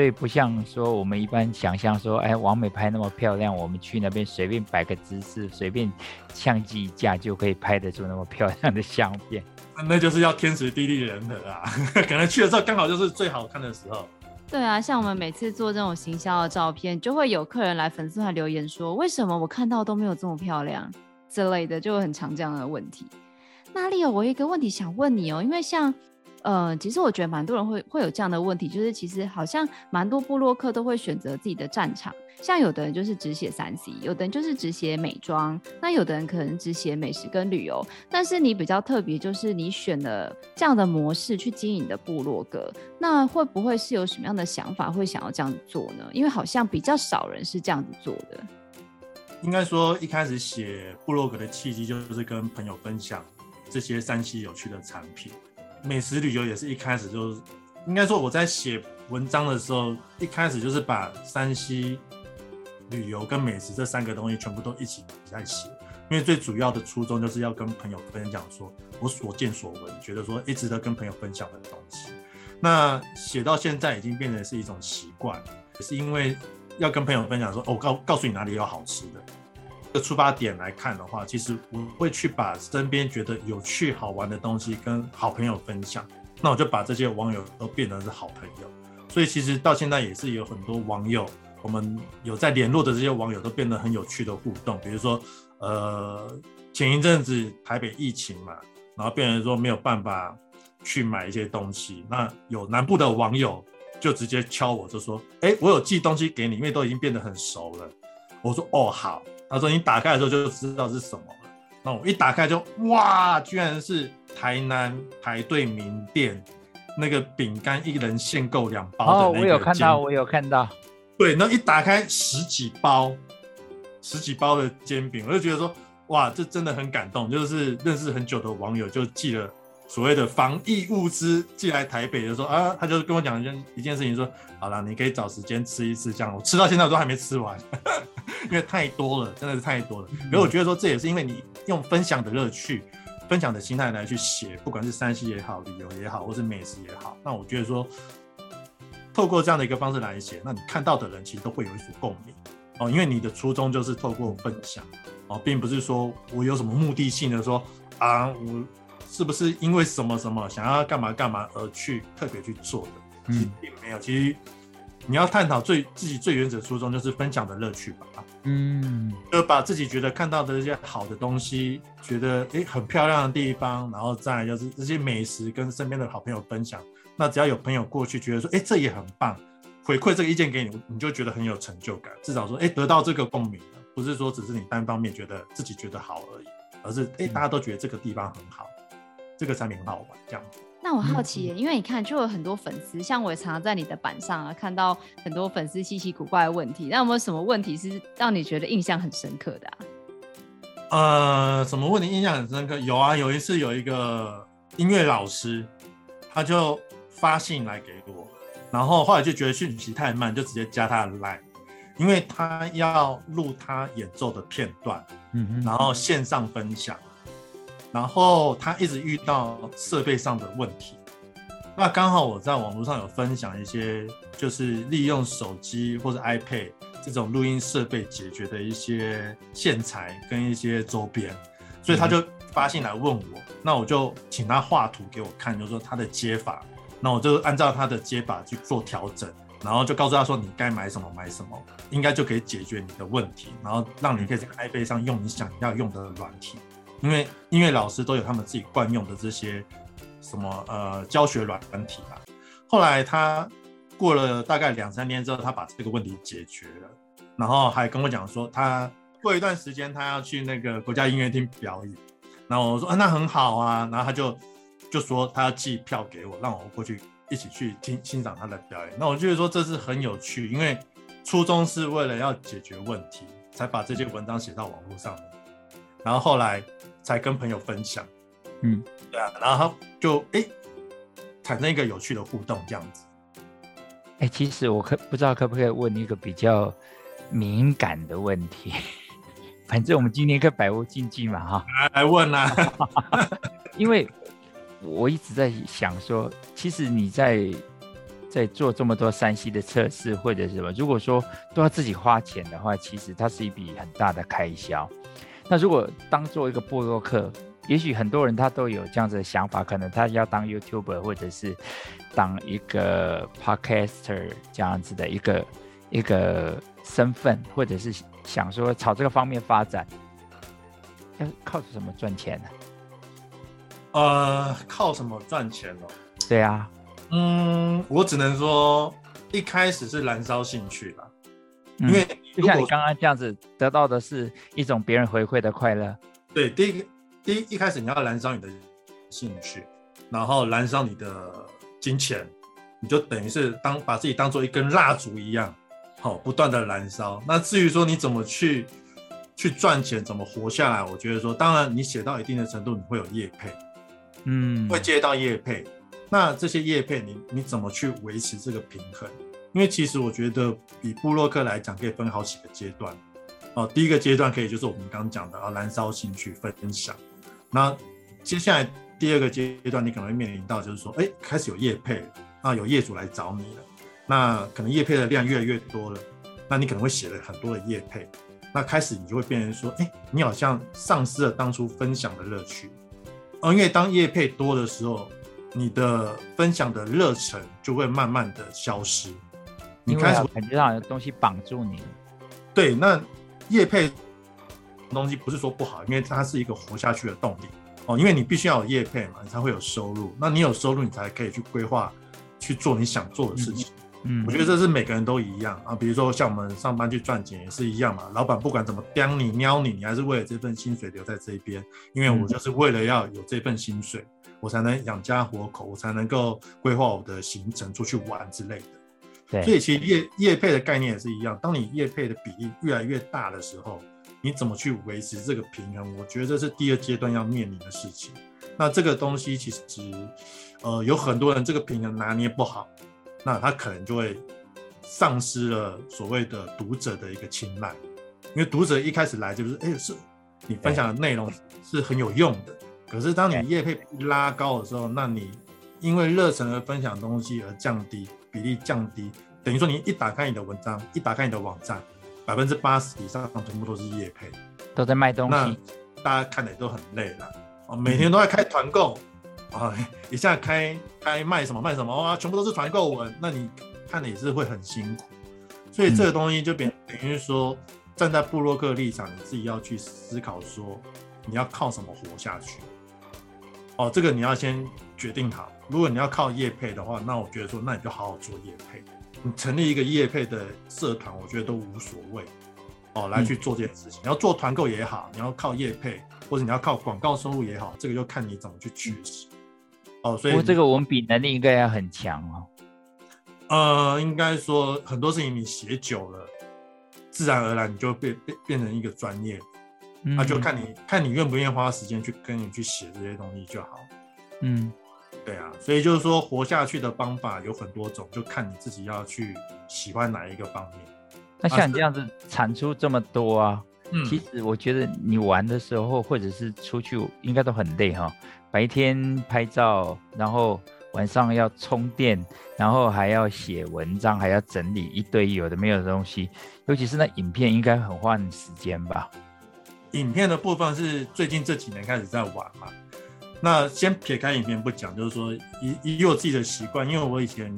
所以不像說我們一般想象說，哎，網美拍那麼漂亮，我們去那邊隨便擺個姿勢，隨便相機一架就可以拍得出那麼漂亮的相片，那就是要天時地利人和啊， 可能去的時候剛好就是最好看的時候。對啊，像我們每次做這種行銷的照片，就會有客人來粉絲團留言說，為什麼我看到都沒有這麼漂亮之類的，就很常見的問題。那 Leo，我有一個問題想問你哦、喔，因為像。呃、嗯，其實我覺得蠻多人會會有這樣的問題，就是其實好像蠻多部落客都會選擇自己的戰場，像有的人就是只寫 3C，有的人就是只寫美妝，那有的人可能只寫美食跟旅遊。但是你比較特別，就是你選了這樣的模式去經營的部落格，那會不會是有什麼樣的想法會想要這樣子做呢？因為好像比較少人是這樣子做的。應該說一開始寫部落格的契機，就是跟朋友分享這些 3C 有趣的產品。美食旅遊也是一開始就是，應該說我在寫文章的時候，一開始就是把 3C 旅遊跟美食這三個東西全部都一起在寫，因為最主要的初衷就是要跟朋友分享說我所見所聞，覺得說一直都跟朋友分享的東西，那寫到現在已經變成是一種習慣，也是因為要跟朋友分享說，我、哦、告告訴你哪裡有好吃的。的出發點來看的話，其實我會去把身邊覺得有趣好玩的東西跟好朋友分享，那我就把這些網友都變成是好朋友。所以其實到現在也是有很多網友，我們有在聯絡的這些網友都變得很有趣的互動。比如說，呃，前一陣子台北疫情嘛，然後變成說沒有辦法去買一些東西，那有南部的網友就直接敲我就說，哎、欸，我有寄東西給你，因為都已經變得很熟了。我說，哦，好。他說：“你打開的時候就知道是什麼了。”那我一打開就哇，居然是台南排隊名店那個餅乾，一人限購兩包的那個煎餅。哦，我有看到，我有看到。對，那一打開十幾包，十幾包的煎餅，我就覺得說哇，這真的很感動，就是認識很久的網友就寄了。所謂的防疫物資寄來台北的時候，就說啊，他就跟我講一件一件事情說，說好了，你可以找時間吃一次這樣。我吃到現在我都還沒吃完呵呵，因為太多了，真的是太多了。以、嗯、我覺得說這也是因為你用分享的樂趣、分享的心態來去寫，不管是山西也好、旅遊也好，或是美食也好，那我覺得說透過這樣的一個方式來寫，那你看到的人其實都會有一股共鳴哦，因為你的初衷就是透過我分享哦，並不是說我有什麼目的性的說啊我。是不是因為什麼什麼想要幹嘛幹嘛而去特別去做的？嗯，並沒有。其實你要探討最自己最原始的初衷，就是分享的樂趣吧。嗯，就把自己覺得看到的這些好的東西，覺得誒、欸、很漂亮的地方，然後再就是這些美食跟身邊的好朋友分享。那只要有朋友過去，覺得說哎、欸、這也很棒，回饋這個意見給你，你就覺得很有成就感。至少說哎、欸、得到這個共鳴了，不是說只是你單方面覺得自己覺得好而已，而是哎、欸、大家都覺得這個地方很好。這個產品很好玩，這樣子。那我好奇、欸，嗯嗯，因為你看，就有很多粉絲，像我也常常在你的板上啊，看到很多粉絲稀奇古怪的問題。那有沒有什麼問題是讓你覺得印象很深刻的啊？呃，什麼問題印象很深刻？有啊，有一次有一個音樂老師，他就發信來給我，然後後來就覺得訊息太慢，就直接加他的 Line，因為他要錄他演奏的片段，嗯哼、嗯，然後線上分享。然後他一直遇到設備上的問題，那剛好我在網絡上有分享一些，就是利用手機或者 iPad 這種錄音設備解決的一些線材跟一些周邊，嗯、所以他就發信來問我，那我就請他畫圖給我看，就是、說他的接法，那我就按照他的接法去做調整，然後就告訴他說你該買什麼買什麼，應該就可以解決你的問題，然後讓你可以在 iPad 上用你想要用的軟體。嗯因為音樂老師都有他們自己慣用的這些什麼呃教學軟體吧。後來他過了大概兩三天之後，他把這個問題解決了，然後還跟我講說，他過一段時間他要去那個國家音樂廳表演，然後我說啊那很好啊，然後他就就說他要寄票給我，讓我過去一起去聽欣賞他的表演。那我就是說這是很有趣，因為初衷是為了要解決問題才把這些文章寫到網絡上面，然後後來。才跟朋友分享，嗯，對啊，然後就哎產生一個有趣的互動這樣子，哎、欸，其實我可不知道可不可以問一個比較敏感的問題，反正我們今天可以百無禁忌嘛哈，來，來，來問啦、啊， 因為我一直在想說，其實你在在做這麼多 3C 的測試或者是什麼，如果說都要自己花錢的話，其實它是一筆很大的開銷。那如果當做一個部落客，也許很多人他都有這樣子的想法，可能他要當 YouTuber 或者是當一個 Podcaster 這樣子的一個一個身份，或者是想說朝這個方面發展，要靠什麼賺錢呢啊？呃，靠什麼賺錢呢哦？對啊，嗯，我只能說一開始是燃燒興趣吧。因為，就、嗯、像你剛剛這樣子得到的是一種別人回饋的快樂。對，第一個，第一，一開始你要燃燒你的興趣，然後燃燒你的金錢，你就等於是當把自己當做一根蠟燭一樣，好、嗯哦，不斷的燃燒。那至於說你怎麼去去賺錢，怎麼活下來，我覺得說，當然你寫到一定的程度，你會有業配，嗯，會接到業配。那這些業配你，你你怎麼去維持這個平衡？因為其實我覺得，比部落客來講，可以分好幾個階段，哦，第一個階段可以就是我們剛剛講的啊，然後燃燒興趣分享。那接下來第二個階段，你可能會面臨到就是說，哎，開始有業配了，啊，有業主來找你了，那可能業配的量越來越多了，那你可能會寫了很多的業配，那開始你就會變成說，哎，你好像喪失了當初分享的樂趣，哦，因為當業配多的時候，你的分享的熱忱就會慢慢的消失。你開始感覺到有東西綁住你，對，那業配東西不是說不好，因為它是一個活下去的動力哦，因為你必須要有業配嘛，你才會有收入。那你有收入，你才可以去規劃去做你想做的事情。嗯，我覺得這是每個人都一樣啊。比如說像我們上班去賺錢也是一樣嘛，老闆不管怎麼刁你、喵你，你還是為了這份薪水留在這邊，因為我就是為了要有這份薪水，嗯、我才能養家活口，我才能夠規劃我的行程出去玩之類的。所以其實業業配的概念也是一樣，當你業配的比例越來越大的時候，你怎麼去維持這個平衡？我覺得這是第二階段要面臨的事情。那這個東西其實，呃，有很多人這個平衡拿捏不好，那他可能就會喪失了所謂的讀者的一個青睞，因為讀者一開始來就是哎，欸，是你分享的內容是很有用的。可是當你業配拉高的時候，那你因為熱忱而分享的東西而降低。比例降低，等於說你一打開你的文章，一打開你的網站，百分之八十以上全部都是業配，都在賣東西。那大家看的也都很累了，哦，每天都在開團購，啊、嗯哦，一下開開賣什麼賣什麼啊，全部都是團購文，那你看的也是會很辛苦。所以這個東西就變、嗯、等於說，站在部落客立場，你自己要去思考說，你要靠什麼活下去？哦，這個你要先。決定好，如果你要靠業配的話，那我覺得說，那你就好好做業配。你成立一個業配的社團，我覺得都無所謂哦，來去做這件事情。嗯、你要做團購也好，你要靠業配，或者你要靠廣告收入也好，這個就看你怎麼去取捨、嗯、哦。所以、哦、這個文筆能力應該要很強哦。呃，應該說很多事情你寫久了，自然而然你就變變變成一個專業，那、嗯、就看你看你願不願意花時間去跟你去寫這些東西就好。嗯。對啊，所以就是說，活下去的方法有很多種，就看你自己要去喜歡哪一個方面。那像你這樣子產出這麼多啊，啊嗯，其實我覺得你玩的時候或者是出去應該都很累哈。白天拍照，然後晚上要充電，然後還要寫文章，還要整理一堆有的沒有的東西，尤其是那影片應該很花你時間吧？嗯，影片的部分是最近這幾年開始在玩嘛？那先撇開影片不講，就是說以，一依我自己的習慣，因為我以前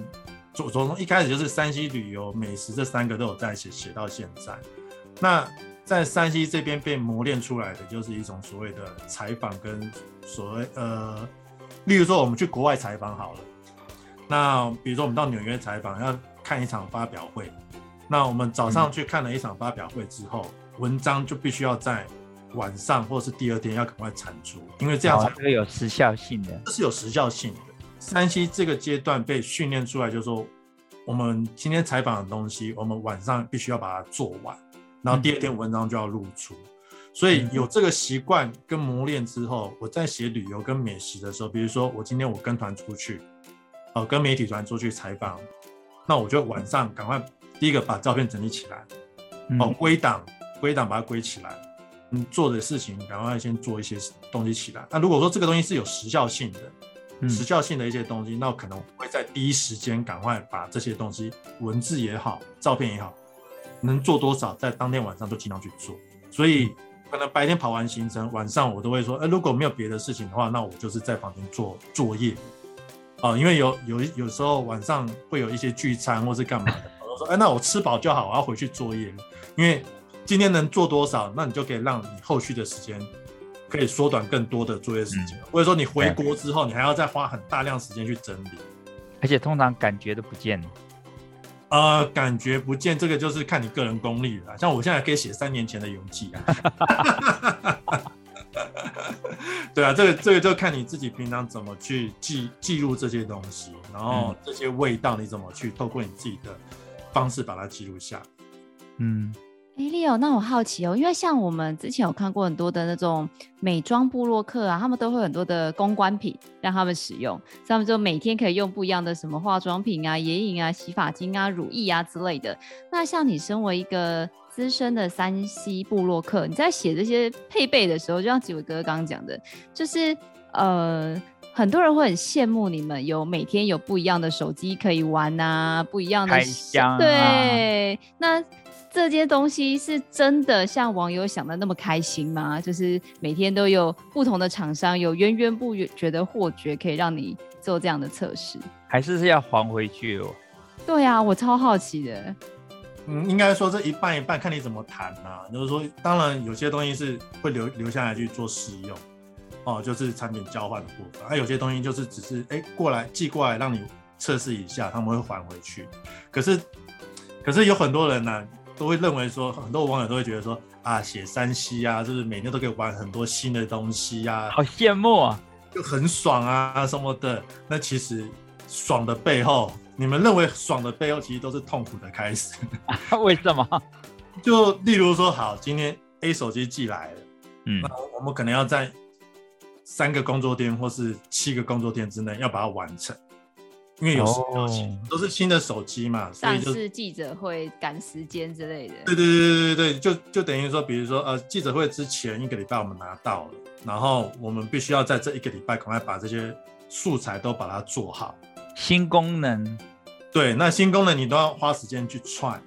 從從一開始就是 3C、旅遊、美食這三個都有在寫，寫到現在。那在 3C 這邊被磨練出來的，就是一種所謂的採訪跟所謂呃，例如說我們去國外採訪好了，那比如說我們到紐約採訪，要看一場發表會，那我們早上去看了一場發表會之後，嗯、文章就必須要在。晚上或是第二天要趕快產出，因為這樣才會、哦、有時效性的。這是有時效性的。3C 這個階段被訓練出來，就是說，我們今天採訪的東西，我們晚上必須要把它做完，然後第二天文章就要露出。嗯、所以有這個習慣跟磨練之後，我在寫旅遊跟美食的時候，比如說我今天我跟團出去，哦、呃，跟媒體團出去採訪，那我就晚上趕快第一個把照片整理起來，哦、呃，歸檔歸檔，把它歸起來。做的事情，趕快先做一些東西起來。那、啊、如果說這個東西是有時效性的，嗯、時效性的一些東西，那我可能會在第一時間趕快把這些東西，文字也好，照片也好，能做多少，在當天晚上就盡量去做。所以、嗯、可能白天跑完行程，晚上我都會說，哎、呃，如果沒有別的事情的話，那我就是在房間做作業。啊、呃，因為有有有時候晚上會有一些聚餐或是幹嘛的，我說，哎、欸，那我吃飽就好，我要回去作業，因為。今天能做多少，那你就可以讓你後續的時間可以縮短更多的作業時間、嗯、或者說你回國之後，嗯、你還要再花很大量時間去整理，而且通常感覺都不見了。呃，感覺不見，這個就是看你個人功力了啦。像我現在可以寫三年前的遊記啊。 對啊，這個這個就看你自己平常怎麼去記記錄這些東西，然後這些味道你怎麼去透過你自己的方式把它記錄下。嗯。哎，Leo，哦，那我好奇哦，因為像我們之前有看過很多的那種美妝部落客啊，他們都會很多的公關品讓他們使用，所以他們就每天可以用不一樣的什麼化妝品啊、眼影啊、洗髮精啊、乳液啊之類的。那像你身為一個資深的三 C 部落客，你在寫這些配備的時候，就像集偉哥剛剛講的，就是呃，很多人會很羨慕你們有每天有不一樣的手機可以玩啊，不一樣的、啊、對那。這些東西是真的像網友想的那麼開心嗎？就是每天都有不同的廠商有源源不絕的貨源可以讓你做這樣的測試，還是是要還回去哦？對呀、啊，我超好奇的。嗯，應該說這一半一半，看你怎麼談啊。就是說，當然有些東西是會留留下來去做試用，哦，就是產品交換的部分；而、啊、有些東西就是只是哎過來寄過來讓你測試一下，他們會還回去。可是，可是有很多人呢、啊。都會認為說，很多網友都會覺得說啊，寫 3C 啊，就是每天都可以玩很多新的東西啊，好羨慕啊，就很爽啊什麼的。那其實爽的背後，你們認為爽的背後，其實都是痛苦的開始。為什麼？就例如說，好，今天 A 手機寄來了，嗯，那我們可能要在三個工作天或是七個工作天之內要把它完成。因為有時候都是新的手機嘛，所以、哦、是記者會趕時間之類的。對對對對對，就就等於說，比如說呃，記者會之前一個禮拜我們拿到了，然後我們必須要在這一個禮拜趕快把這些素材都把它做好。新功能，對，那新功能你都要花時間去串，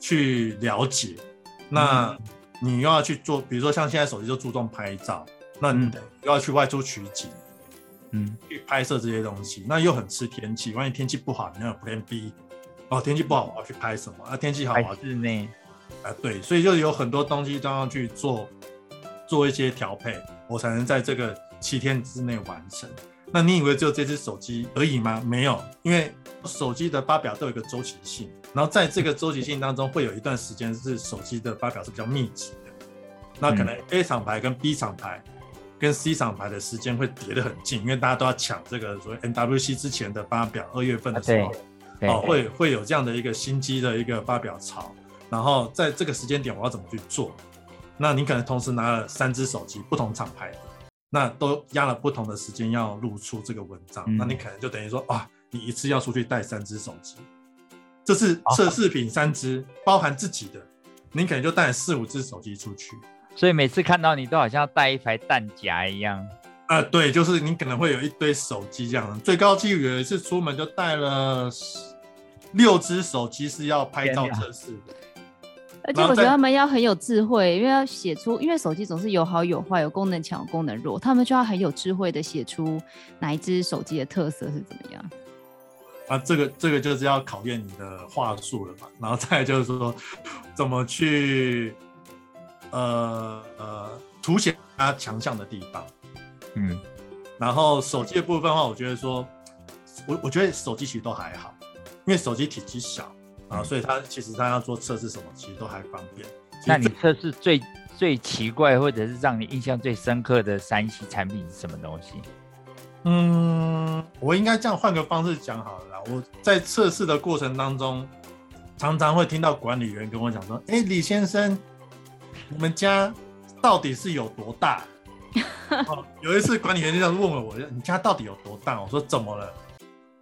去了解，嗯、那你又要去做，比如說像現在手機就注重拍照，那你得又要去外出取景。嗯，去拍攝這些東西，那又很吃天氣。萬一天氣不好，你要有 Plan B。哦，天氣不好我要去拍什麼？啊，天氣好，我要去室內。啊，對，所以就有很多東西都要去做，做一些調配，我才能在這個七天之內完成。那你以為只有這只手機而已嗎？沒有，因為手機的發表都有一個周期性，然後在這個周期性當中，嗯、會有一段時間是手機的發表是比較密集的。那可能 A 廠牌跟 B 廠牌。跟 C 廠牌的時間會疊得很近，因為大家都要搶這個所謂 MWC 之前的發表，二月份的時候，啊、哦，會會有這樣的一個新機的一個發表潮，然後在這個時間點我要怎麼去做？那你可能同時拿了三只手機，不同廠牌的，那都壓了不同的時間要露出這個文章，嗯、那你可能就等於說，啊、哦，你一次要出去帶三只手機，這是測試品三只，哦、包含自己的，你可能就帶四五只手機出去。所以每次看到你都好像要帶一排彈夾一樣，呃，對，就是你可能會有一堆手機這樣的。最高紀錄有一次出門就帶了六隻手機，是要拍照測試的。啊、而且我覺得他們要很有智慧，因為要寫出，因為手機總是有好有壞，有功能強，有功能弱，他們就要很有智慧的寫出哪一隻手機的特色是怎麼樣。啊、呃，這個這個就是要考驗你的話術了吧？然後再就是說怎麼去。呃呃，凸顯它強項的地方，嗯，然後手機的部分的話，我覺得說，我我覺得手機其實都還好，因為手機體積小啊，嗯、所以它其實它要做測試什麼，其實都還方便。那你測試最最奇怪或者是讓你印象最深刻的三 C 產品是什麼東西？嗯，我應該這樣換個方式講好了啦，我在測試的過程當中，常常會聽到管理員跟我講說：“哎、欸，李先生。”我們家到底是有多大？ 哦，有一次管理員這樣問我：“你家到底有多大？”我說：“怎麼了？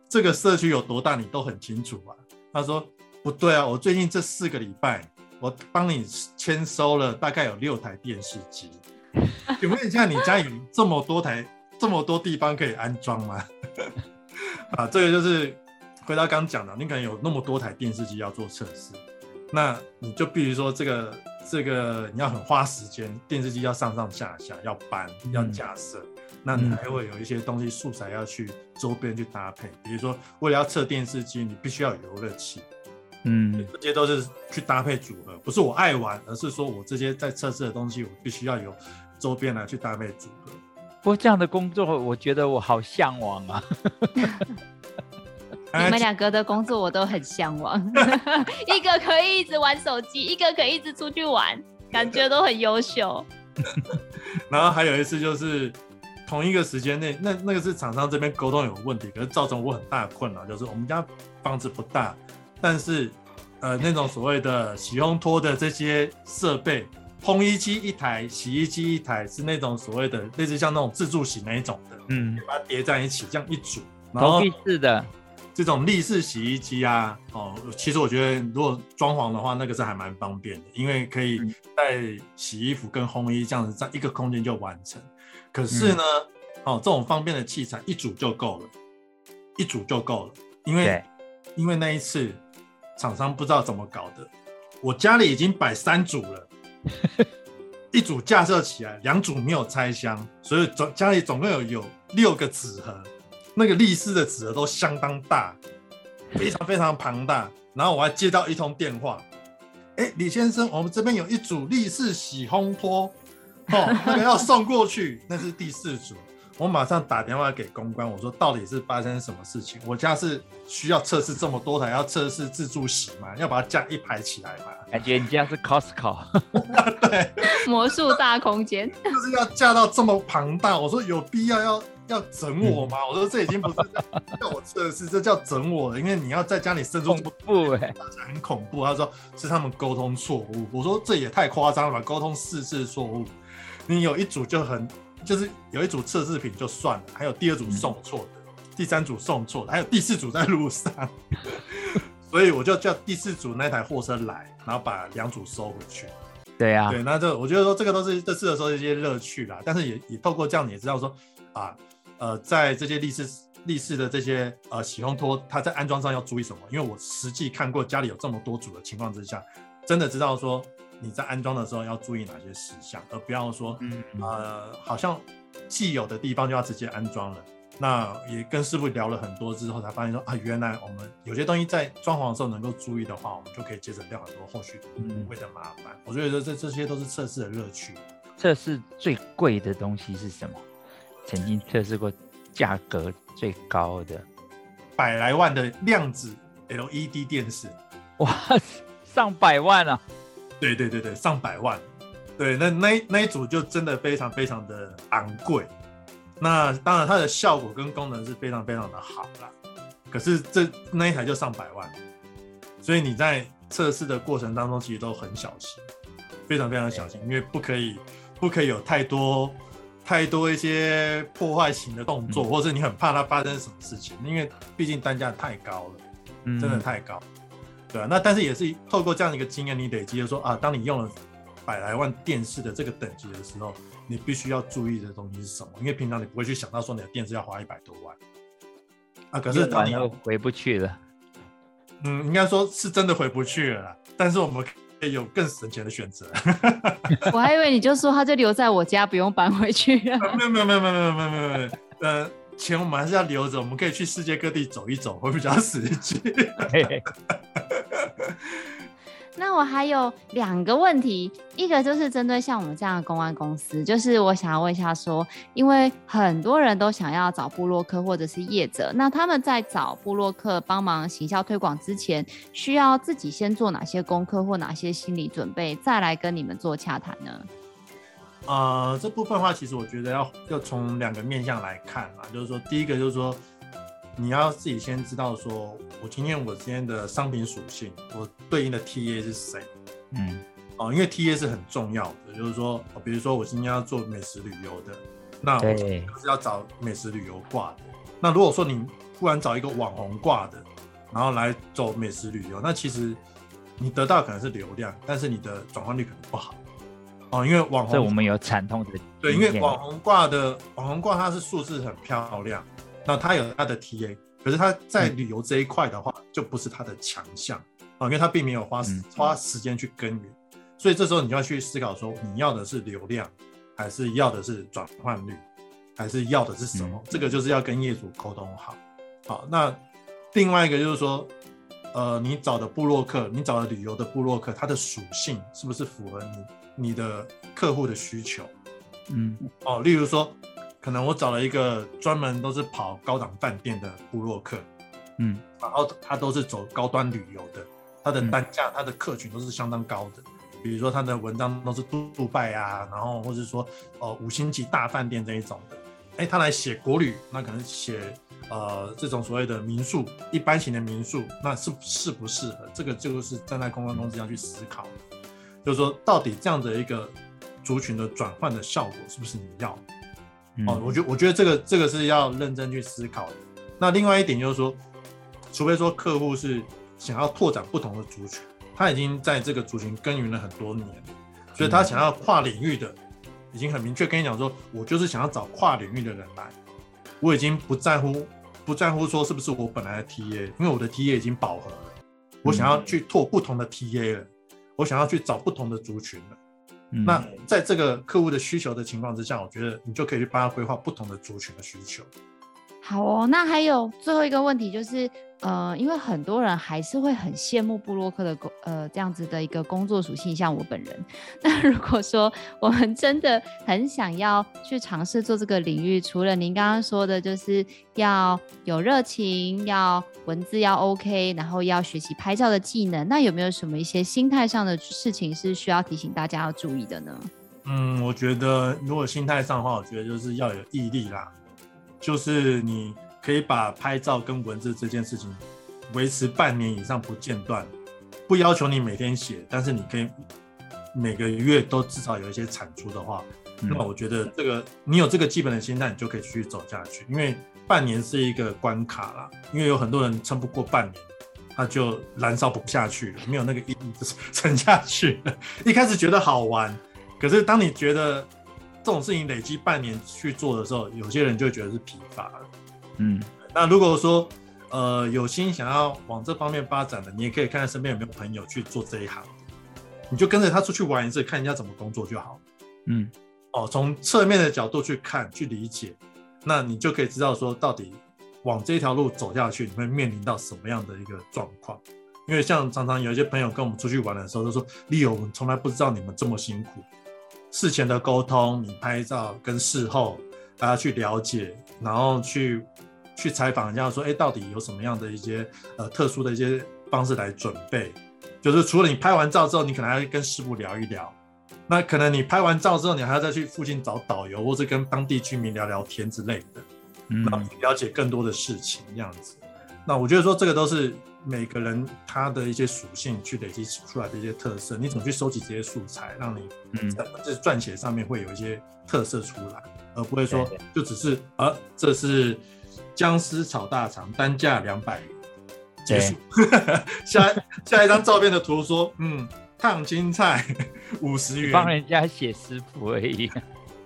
這個社區有多大，你都很清楚吧，啊？”他說：“不對啊，我最近這四個禮拜，我幫你簽收了大概有六台電視機， 有沒有？像你家有這麼多台，這麼多地方可以安裝嗎？” 啊，這個就是回到剛剛講的，你可能有那麼多台電視機要做測試，那你就必須說這個。這個你要很花時間，電視機要上上下下，要搬，要架設，嗯，那你還會有一些東西素材要去周邊去搭配，比如說為了要測電視機，你必須要有遊樂器，嗯，這些都是去搭配組合，不是我愛玩，而是說我這些在測試的東西，我必須要有周邊來去搭配組合。不過這樣的工作，我覺得我好向往啊。 你們兩個的工作我都很向往， 一個可以一直玩手機，一個可以一直出去玩，感覺都很優秀。 然後還有一次就是同一個時間內，那那個是廠商這邊溝通有問題，可是造成我很大的困擾，就是我們家房子不大，但是呃那種所謂的洗烘拖的這些設備，烘衣機一台，洗衣機一台，是那種所謂的類似像那種自助型那一種的，嗯，把它疊在一起這樣一組，然後浴室的。這種立式洗衣機啊，哦，其實我覺得如果裝潢的話，那個是還蠻方便的，因為可以在洗衣服跟烘衣這樣子在一個空間就完成。可是呢，嗯、哦，這種方便的器材，一組就夠了，一組就夠了，因為對因為那一次廠商不知道怎麼搞的，我家裡已經擺三組了， 一組架設起來，兩組沒有拆箱，所以總，家裡總共有有六個紙盒。那個立式的紙都相當大，非常非常龐大。然後我還接到一通電話，哎、欸，李先生，我們這邊有一組立式洗烘托，哦，那個要送過去， 那是第四組。我馬上打電話給公關，我說到底是發生什麼事情？我家是需要測試這麼多台，要測試自助洗嗎，要把它架一排起來嗎？感覺你家是 Costco？對， 魔術大空間 就是要架到這麼龐大。我說有必要要。要整我嗎？嗯、我說這已經不是叫, 叫我測試，這叫整我，因為你要在家裡慎重不不很恐怖。他說是他們溝通錯誤。我說這也太誇張了吧？溝通四次錯誤，你有一組就很就是有一組測試品就算了，還有第二組送錯的，嗯、第三組送錯的，還有第四組在路上， 所以我就叫第四組那台貨車來，然後把兩組收回去。對呀、啊，對，那這我覺得說這個都是這次的時候一些樂趣啦。但是也也透過這樣你也知道說啊。呃，在這些立式、立式的這些呃洗烘托，它在安裝上要注意什麼？因為我實際看過家裡有這麼多組的情況之下，真的知道說你在安裝的時候要注意哪些事項，而不要說嗯嗯呃好像既有的地方就要直接安裝了。那也跟師傅聊了很多之後，才發現說啊，原來我們有些東西在裝潢的時候能夠注意的話，我們就可以節省掉很多後續的會、會的麻煩。嗯嗯我覺得這這些都是測試的樂趣。測試最貴的東西是什麼？曾經測試過價格最高的百來萬的量子 LED 電視，哇，上百萬啊！對對對對，上百萬。對，那那那一組就真的非常非常的昂貴。那當然，它的效果跟功能是非常非常的好啦。可是這那一台就上百萬，所以你在測試的過程當中，其實都很小心，非常非常小心，欸、因為不可以，不可以有太多。太多一些破壞性的動作，或者你很怕它發生什麼事情，嗯、因為畢竟單價太高了，真的太高了。嗯、對啊，那但是也是透過這樣的一個經驗，你累積說啊，當你用了百來萬電視的這個等級的時候，你必須要注意的東西是什麼？因為平常你不會去想到說你的電視要花一百多萬啊。可是你又回不去了，嗯，應該說是真的回不去了啦。但是我們。有更省錢的選擇， 我還以為你就說他就留在我家，不用搬回去。 沒有沒有沒有沒有沒有沒有沒有，呃，錢我們還是要留着，我們可以去世界各地走一走，會比較實際。Hey. 那我還有兩個問題，一個就是針對像我們這樣的公關公司，就是我想要問一下說，說因為很多人都想要找部落客或者是業者，那他們在找部落客幫忙行銷推廣之前，需要自己先做哪些功課或哪些心理準備，再來跟你們做洽談呢？呃，這部分的話，其實我覺得要要從兩個面向來看嘛，就是說第一個就是說。你要自己先知道說，我今天我今天的商品屬性，我對應的 TA 是誰？嗯，哦，因為 TA 是很重要的，就是說，比如說我今天要做美食旅遊的，那我是要找美食旅遊掛的。那如果說你突然找一個網紅掛的，然後來走美食旅遊，那其實你得到可能是流量，但是你的轉換率可能不好。哦，因為網紅在我們有慘痛的對，因為網紅掛的網紅掛它是數字很漂亮。那他有他的 TA，可是他在旅遊這一塊的話，嗯、就不是他的強項啊，因為他並沒有花、嗯、花時間去耕耘，所以這時候你就要去思考說，你要的是流量，還是要的是轉換率，還是要的是什麼？嗯、這個就是要跟業主溝通好。好，那另外一個就是說，呃，你找的部落客，你找的旅遊的部落客，它的屬性是不是符合你你的客戶的需求？嗯，哦，例如說。可能我找了一個專門都是跑高檔飯店的部落客，嗯，然後他都是走高端旅遊的，他的單價、嗯、他的客群都是相當高的。比如說他的文章都是杜拜啊，然後或者說呃五星級大飯店這一種的。哎，他來寫國旅，那可能寫呃這種所謂的民宿、一般型的民宿，那是適不適合？這個就是站在公關公司要去思考的，嗯、就是說到底這樣的一個族群的轉換的效果是不是你要？哦，我覺我覺得這個這個是要認真去思考的。那另外一點就是說，除非說客戶是想要拓展不同的族群，他已經在這個族群耕耘了很多年，所以他想要跨領域的，嗯、已經很明確跟你講說，我就是想要找跨領域的人來，我已經不在乎不在乎說是不是我本來的 TA，因為我的 TA 已經飽和了，我想要去拓不同的 TA 了，我想要去找不同的族群了。嗯，那在這個客戶的需求的情況之下，我覺得你就可以去幫他規劃不同的族群的需求。嗯好哦，那還有最後一個問題就是，呃，因為很多人還是會很羨慕部落客的工，呃，這樣子的一個工作屬性，像我本人。那如果說我們真的很想要去嘗試做這個領域，除了您剛剛說的，就是要有熱情，要文字要 OK，然後要學習拍照的技能，那有沒有什麼一些心態上的事情是需要提醒大家要注意的呢？嗯，我覺得如果心態上的話，我覺得就是要有毅力啦。就是你可以把拍照跟文字這件事情維持半年以上不間斷，不要求你每天寫，但是你可以每個月都至少有一些產出的話，那我覺得這個你有這個基本的心態，你就可以繼續走下去。因為半年是一個關卡啦，因為有很多人撐不過半年，他就燃燒不下去了，沒有那個意義，就是沉下去了，一開始覺得好玩，可是當你覺得這種事情累積半年去做的時候，有些人就會覺得是疲乏了。嗯，那如果說呃有心想要往這方面發展的，你也可以看看身邊有沒有朋友去做這一行，你就跟着他出去玩一次，看人家怎麼工作就好。嗯，哦，從側面的角度去看、去理解，那你就可以知道說到底往這條路走下去，你會面臨到什麼樣的一個狀況。因為像常常有一些朋友跟我們出去玩的時候，都說：“Leo，我們從來不知道你們這麼辛苦。”事前的溝通，你拍照跟事後，大家去了解，然後去去採訪人家說，哎、欸，到底有什麼樣的一些呃特殊的一些方式來準備？就是除了你拍完照之後，你可能還要跟師傅聊一聊，那可能你拍完照之後，你還要再去附近找導遊或是跟當地居民聊聊天之類的，然後你了解更多的事情這樣子。嗯那我覺得說，這個都是每個人他的一些屬性去累積出來的一些特色。你怎麼去收集這些素材，讓你嗯，在撰寫上面會有一些特色出來，而不會說就只是，啊，這是薑絲炒大腸，單價兩百元，結束。下下一張照片的圖說，嗯，燙青菜五十元，幫人家寫食譜而已。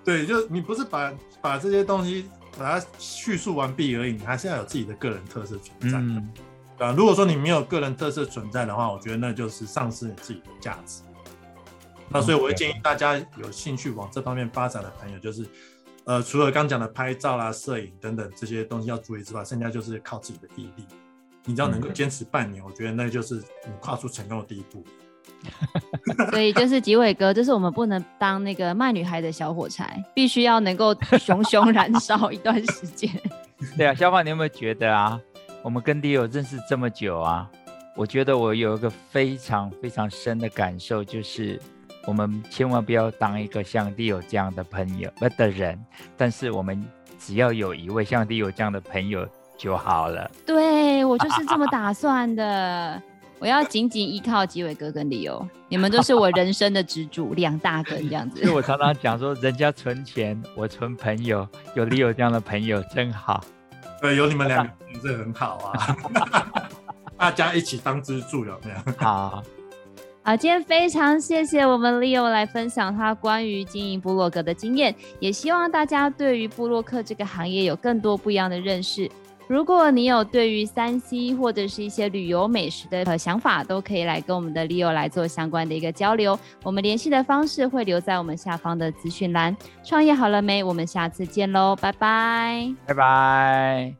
對，就你不是把把這些東西。把它敘述完畢而已，你還是要有自己的個人特色存在的。嗯，啊，如果說你沒有個人特色存在的話，我覺得那就是喪失你自己的價值。嗯，那所以我會建議大家有興趣往這方面發展的朋友，就是，呃，除了剛講的拍照啦、攝影等等這些東西要注意之外，剩下就是靠自己的毅力。你只要能夠堅持半年，嗯，我覺得那就是你跨出成功的第一步。 所以就是集偉哥，就是我們不能當那個賣女孩的小火柴，必須要能夠熊熊燃燒一段時間。對啊，小寶，你有沒有覺得啊？我們跟 Leo 認識這麼久啊，我覺得我有一個非常非常深的感受，就是我們千萬不要當一個像 Leo 這樣的朋友 的人，但是我們只要有一位像 Leo 這樣的朋友就好了。對我就是這麼打算的。 我要緊緊依靠集偉哥跟 Leo，你們都是我人生的支柱，兩 大根這樣子。所以我常常講說，人家存錢，我存朋友，有 Leo 這樣的朋友真好。對，有你們倆是很好啊， 大家一起當支柱了，這樣。好，好，今天非常謝謝我們 Leo 來分享他關於經營部落格的經驗，也希望大家對於部落客這個行業有更多不一樣的認識。如果你有對於 3C 或者是一些旅遊美食的呃想法，都可以來跟我們的 Leo 來做相關的一個交流。我們聯繫的方式會留在我們下方的資訊欄。創業好了沒？我們下次見嘍，拜拜，拜拜。